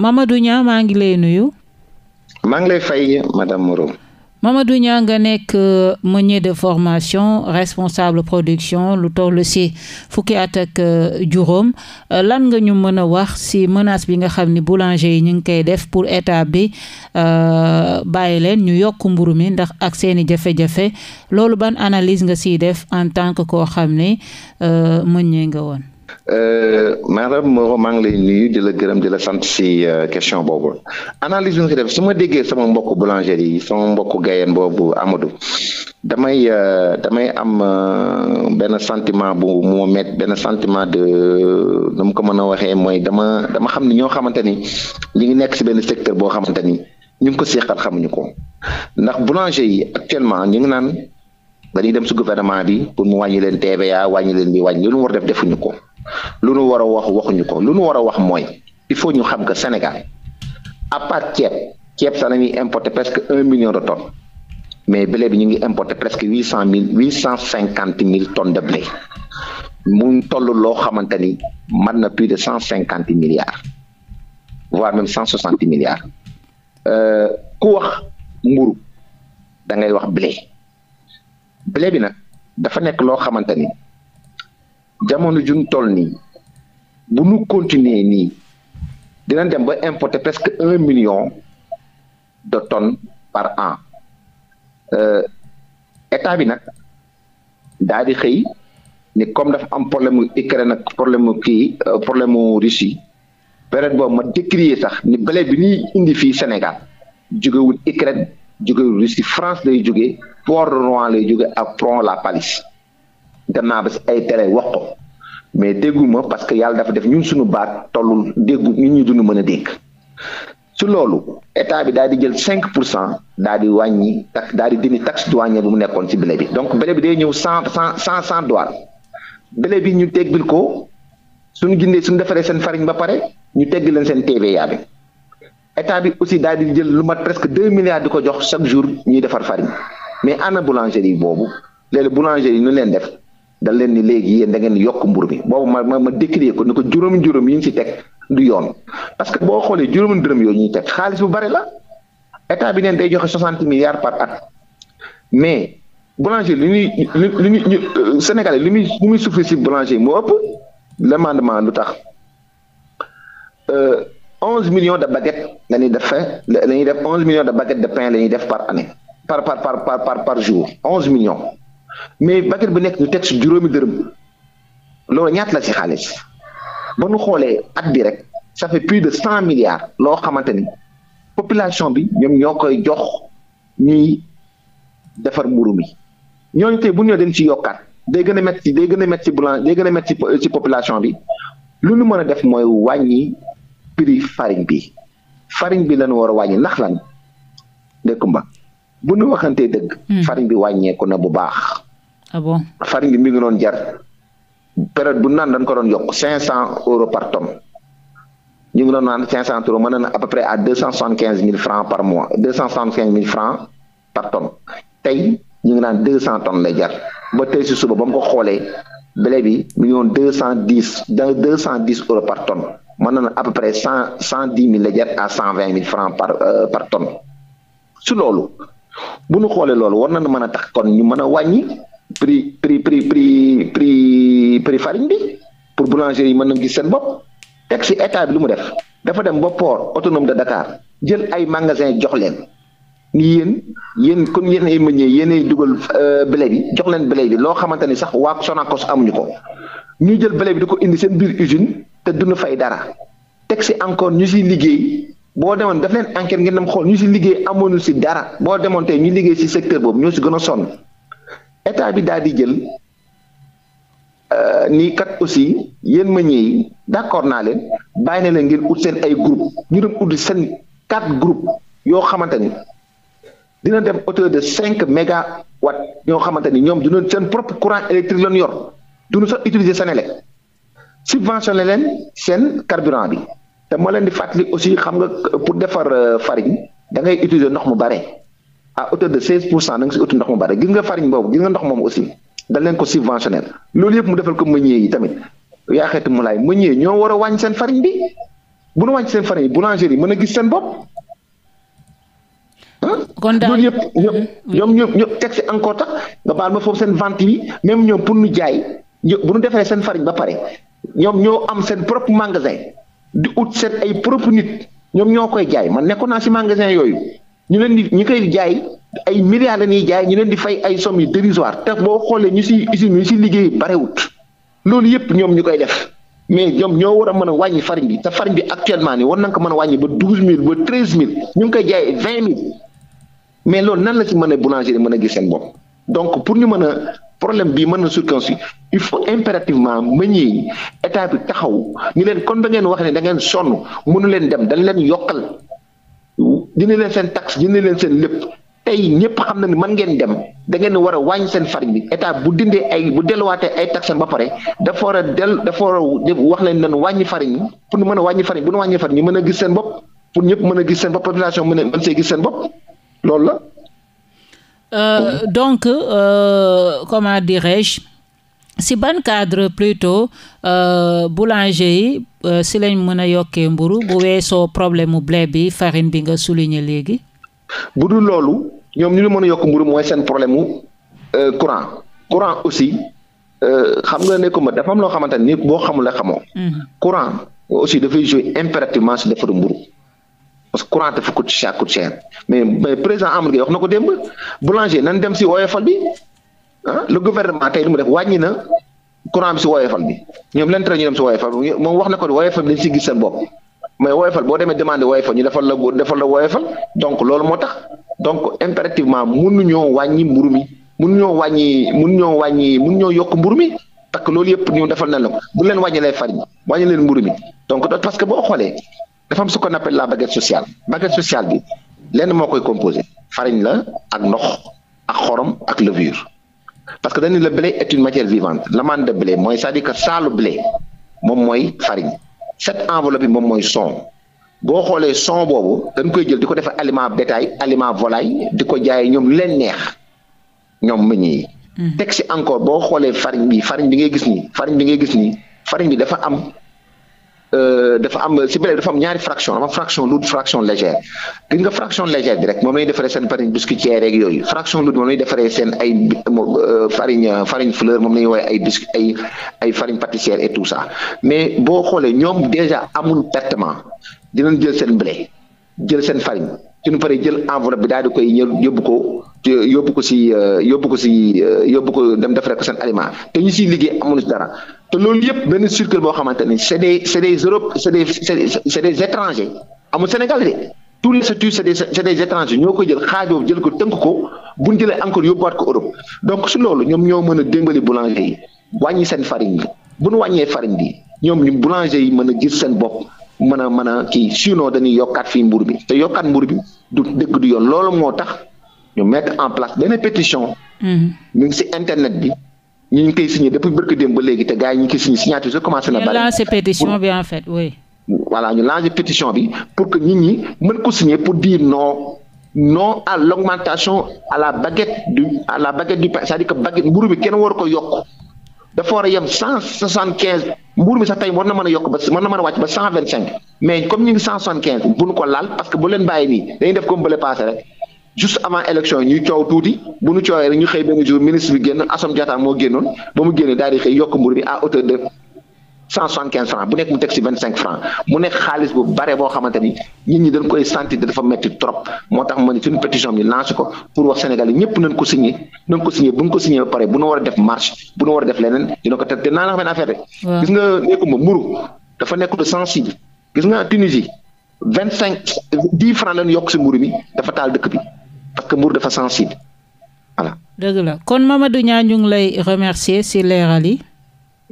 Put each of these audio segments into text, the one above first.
Mamadou Niang maa ngi lay nuyu. maa ngi lay fay madame Moreau. Mamadou nga nekk euh, meunier de formation responsable production lu toll ci fukki at ak euh, juróom euh, lan nga ñu mën a wax ci menace bi nga xam ni boulanger yi ñu ngi koy def pour état bi bàyyi leen ñu yokk mburu mi ndax ak seeni jafe-jafe loolu ban analyse nga ciy def en tant que koo xam ne mëñee nga woon. Euh, maanaam Moreau maa ngi lay nuyu di la gërëm di la sant si euh, question boobu analyse bi nga def su ma déggee sama mbokk boulanger yi sama mbokk gayeen boobu Amadou damay euh, damay am benn sentiment bu mu met benn sentiment de nu mu ko mën a waxee mooy dama dama xam ne ñoo xamante ni ñu ngi nekk si benn secteur boo xamante ni ñu ngi ko seexal xamuñu ko ndax boulanger yi actuellement ñu ngi naan dañuy dem si gouvernement bi pour mu wàññi leen TVA wàññi leen bi wàññi lu mu war def defuñu ko. lu nu war a wax waxuñu ko lu nu war a wax mooy il faut ñu xam que Sénégal à part ceeb ceeb sax nañuy importer presque un million de tonnes mais blé bi ñu ngi importer presque huit cent mille huit cent cinquante mille tonnes de blé mu toll loo xamante ni mat na plus de cent cinquante milliards voire même cent soixante milliards euh, ku wax mburu da ngay wax blé blé bi nag dafa nekk loo xamante ni. jamono juñ toll nii bu nu continuer nii dina dem ba importer presque un million de tonnes par an euh, état bi nag daal di xëy ni comme dafa am problème mu Ukraine ak problème mu kii euh, problème mu Russie période boobu ma décrier sax ni bale bi ñuy indi fii Sénégal jógewul Ukraine jógewul Russie France lay jóge Port de Rouen lay jóge ak Pont La Palisse dem naa ba si ay télé wax ko mais dégguma parce que yàlla dafa def ñun suñu baat tollul déggu ñun ñu dunu mën a dégg su loolu état bi daal di jël cinq pour cent daal di wàññi tax daal di dindi taxe douanière bu mu nekkoon si blé bi donc blé bi day ñëw cent cent cent cent dollars blé bi ñu tegbil ko suñu jëndee suñu defaree seen farine ba pare ñu tegg leen seen TVA bi état bi aussi daal di jël lu mat presque deux milliards di ko jox chaque jour ñuy defar farine mais ana boulangerie boobu léegi boulangerie yi nu leen def dal leen ni léegi yéen da ngeen yokk mbur mi boobu ma ma ma décrier ko ni ko juróomi juróom yi ñu ci teg du yoon parce que boo xoolee juróom dërëm yooyu ñuy teg xaalis bu bari la état bi neen day joxe soixante milliards par at mais boulanger li ñuy li ñuy euh, Sénégalais li muy li muy souffrir ci ëpp l'amendement lu tax euh, onze millions de baguettes la ñuy def fin la ñuy def onze millions de baguettes de pain la def par année par par par par par par onze millions. mais baguette bu nekk ñu teg si juróomi dërëm loolu ñaata la si xaalis ba nu xoolee at bi rek ça fait plus de cent milliards loo xamante ni population bi ñoom ñoo koy jox ñuy defar mburu mi ñooñu tey bu ñu dem si yokkaat day gën a métti day gën a métti blanc day gën a ci population bi lu mën a def mooy wàññi prix farine bi farine bi lañu war a wàññi ndax lan ndekkumba bu ñu waxantee dëgg. Hmm. farine bi wàññeeku na bu baax. ah bon farine bi mi ngi doon jar période bu naan dañ ko doon yokk cinq cent euros par ton ñu ngi doon naan cinq cent euros mën na à peu à deux cent soixante quinze mille francs par mois deux cent soixante quinze mille francs par tonne tey ñu naan deux cent tonnes lay jar ba si suba ba mu ko xoolee blé bi mi ngi cent dix dans deux cent dix euros par tonne mën na à peu cent cent dix mille lay jar à cent vingt mille francs par euh, par si loolu bu nu xoolee loolu war nañ mën a tax kon ñu mën a wàññi. prix prix prix prix prix prix farine bi pour boulanger yi mën nañu gis seen bopp teg si état bi lu mu def dafa dem ba port autonome de Dakar jël ay magasin jox leen ni yéen yéen kon yéen ay meññee yéenay dugal euh, blé bi jox leen blé bi loo xamante ni sax waa Sonacos amuñu ko ñuy jël blé bi di ko indi seen biir usine te duñu fay dara teg si encore ñu siy liggéey. boo demoon daf leen enquête ngeen dem xool ñu si liggéey amoonu si dara boo demoon tey ñu liggéey si secteur boobu ñoo si gën a sonn état bi daal di jël euh, nii kat aussi yéen ma ñëw d'accord naa leen bàyyi na leen ngir ut seen ay groupe ñu dem ut seen quatre groupe yoo xamante ni dina dem hauteur de cinq mégawatt ñoo xamante ni ñoom dina seen propre courant électrique lañu du duñu sax utiliser Senelec subventionné leen seen carburant bi te ma leen di fàttali aussi xam nga pour defar euh, farine da ngay utiliser ndox mu bare. à hauteur de 16 pour cent da nga si uti ndox mu bari gis nga farine boobu gis nga ndox moom aussi dañ leen ko subventionné loolu yëpp mu defal ko meunier yi tamit yaa xeetu mu laay ñoo war a wàññi seen farine bi bu nu wàññi seen farine yi yi mën a gis seen bopp. kon daal loolu yëpp mm-hmm. ñoom ñoom ñoom teg si encore nga baal ma foofu seen vente yi même ñoom pour ñu jaay bu ñu defee seen farine ba pare ñoom ñoo am seen propre magasin di ut seen ay propre nit ñoom ñoo koy jaay man nekkoon naa si magasin yooyu. ñu leen di ñu koy jaay ay milliards lañuy jaay ñu leen di fay ay sommes yu dérisoire te boo xoolee ñu si usine ñu si liggéey barewut loolu yëpp ñoom ñu koy def mais ñoom ñoo war a mën a wàññi fariñ bi te fariñ bi actuellement ni war nañ ko mën a wàññi ba douze mille ba treize mille ñu ngi koy jaay vingt mais loolu nan la ci mën a boulangerie mën a gis seen bopp donc pour ñu mën a problème bi mën na si il faut impérativement meññee état bi taxaw ñu leen kon da ngeen wax ne da ngeen sonn mënu leen dem dañ leen yokkal dindi leen seen taxe dindi leen seen lépp tey ñëpp xam na ni mën ngeen dem da ngeen war a wàññi seen fariñ bi état bu dindee ay bu delluwaatee ay taxes ba pare dafa war a del dafa war a wax leen nan wàññi fariñ pour nu mën a wàññi farine bu ñu wàññi farine ñu mën a gis seen bopp pour ñëpp mën a gis seen bopp population mën a see gis seen bopp loolu la. Euh, donc euh, comment dirais-je. si ban cadre plutôt euh, boulanger yi euh, si lañ mën a yokkee mburu bu weesoo problème mu bi farine bi nga souligner léegi. bu du loolu ñoom ñu lu mën a yokk mburu mooy seen problème mu euh, courant courant aussi euh, xam nga ne ma dafa am loo xamante ni boo xamul la xamoo. Mm-hmm. courant aussi dafay jouer impérativement si defaru mburu parce que courant dafa coûte cher coûte cher mais mais président Amadou ko démb boulanger nan dem si oyofal bi. ah le gouvernement tey lu mu def wàññi na courant bi si woyofal bi ñoom leen tere ñu dem si woyofal moom wax na ko woyofal bi dañ si gis seen bopp mais woyofal boo demee demandé woyofal ñu defal la defal la woyofal donc loolu moo tax donc impérativement mënuñoo wàññi mburu mi mënuñoo wàññi mënuñoo wàññi mënuñoo yokk mburu mi parce que loolu yëpp ñu na la bu leen wàññi lay farine wàññi leen mburu mi donc parce que boo xoolee dafa am ce qu'on appelle la baguette sociale baguette sociale bi leen moo koy composé farine la ak ndox ak xorom ak levure parce que dañu le blé est une matière vivante l'amande de blé mooy c'est-à-dire que saalu blé moom mooy farine cette enveloppe moom mooy son boo xoolee son boobu dañ koy jël di ko defee aliment bétail aliment volaille di ko jaay ñoom leen neex ñoom meññ yi. Mm-hmm. teg si encore boo xoolee fariñ bi fariñ bi ngay gis nii farine bi ngay gis nii farine bi dafa am Euh, dafa am si blé dafa am ñaari fraction dafa am fraction lourde fraction légère gis nga fraction légère bi rek moom lay defaree seen farine biscuitière rek yooyu fraction lourde moom lay defaree seen ay euh, farine euh, farine fleur moom la ñuy woowee ay biscuit ay ay farine pâtissière et tout ça mais boo xoolee ñoom déjà amul pertement dinañ jël seen blé jël seen farine suñu paree jël enveloppe bi daal di koy ñëw yóbbu ko yóbbu ko si euh, yóbbu ko si euh, yóbbu ko dem defaree ko seen aliment te ñu si liggéey amuñu dara te loolu yëpp benn circuit boo xamante ni c' est des c' est des Europe c' est des c' les statuts des c' est ñoo koy jël xaajoo jël ko tënk ko bu ñu jëlee encore yóbbuwaat ko Europe donc si loolu ñoom ñoo mën a démbali boulanger yi wàññi seen farine bi bu nu wàññee farine bi ñoom ñu boulanger yi mën a gis seen bopp mën a mën a kii sinon dañuy yokkaat fii mbur bi te yokkaat mburu bi du dëgg du yoon loolu moo tax ñu mettre en place beneen pétition. ñu mm-hmm. ngi ci internet bi. ñu ngi koy signé depuis barki démb ba léegi te gars yi ñu ngi koy signé signature bi commencé na. bari ngeen lancé pétition bi en fait ñu lancé pétition bi pour que nit ñi mën ko signé pour dire noo non à l' augmentation à la baguette du à la baguette du pain c'est-à-dire que mburu bi kenn waru ko yokk. dafa war a yem cent soixante quinze mbuur mi sax tey war na mën a yokk ba mën na mën a wàcc ba cent vingt cinq mais comme ñu ngi cent soixante quinze bu ñu ko laal parce que bu leen bàyyi nii dañuy def comme bële passé rek juste avant élection yi ñuy coow tuuti bu ñu coowee rek ñu xëy benn jour ministre bi génn Assome Diatta moo génnoon ba mu génnee daal di xëy yokk mbuur mi à hauteur de cent soixante quinze franc bu nekk mu teg si vingt cinq franc mu nekk xaalis bu bare boo xamante ni nit ñi dañ koy sentir dafa metti trop moo tax ma ne suñu pétition bi lancé ko pour wax Sénégal yi ñëpp nañ ko signé nañ ko signé bu ba pare bu ñu war a def marche bu ñu war a def leneen dina ko teg te naa la xam benn affaire rek gis nga nekkuma mburu dafa nekk sensible gis nga Tunisie vingt cinq dix franc lañ yokk si mburu mi dafa taal dëkk bi parce que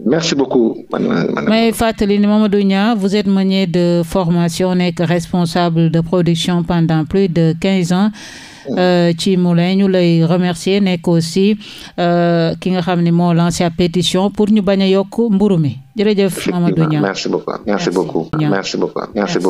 merci beaucoup madame may fàttali ni Mamadou Niang vous êtes meunier de formation nekk responsable de production pendant plus de quinze ans mm. euh, ci Moulin ñu lay remercier nekk aussi euh, ki nga xam ne moo lancé ab pétition pour ñu bañ a yokk mburu mi jërëjëf Mamadou Niang merci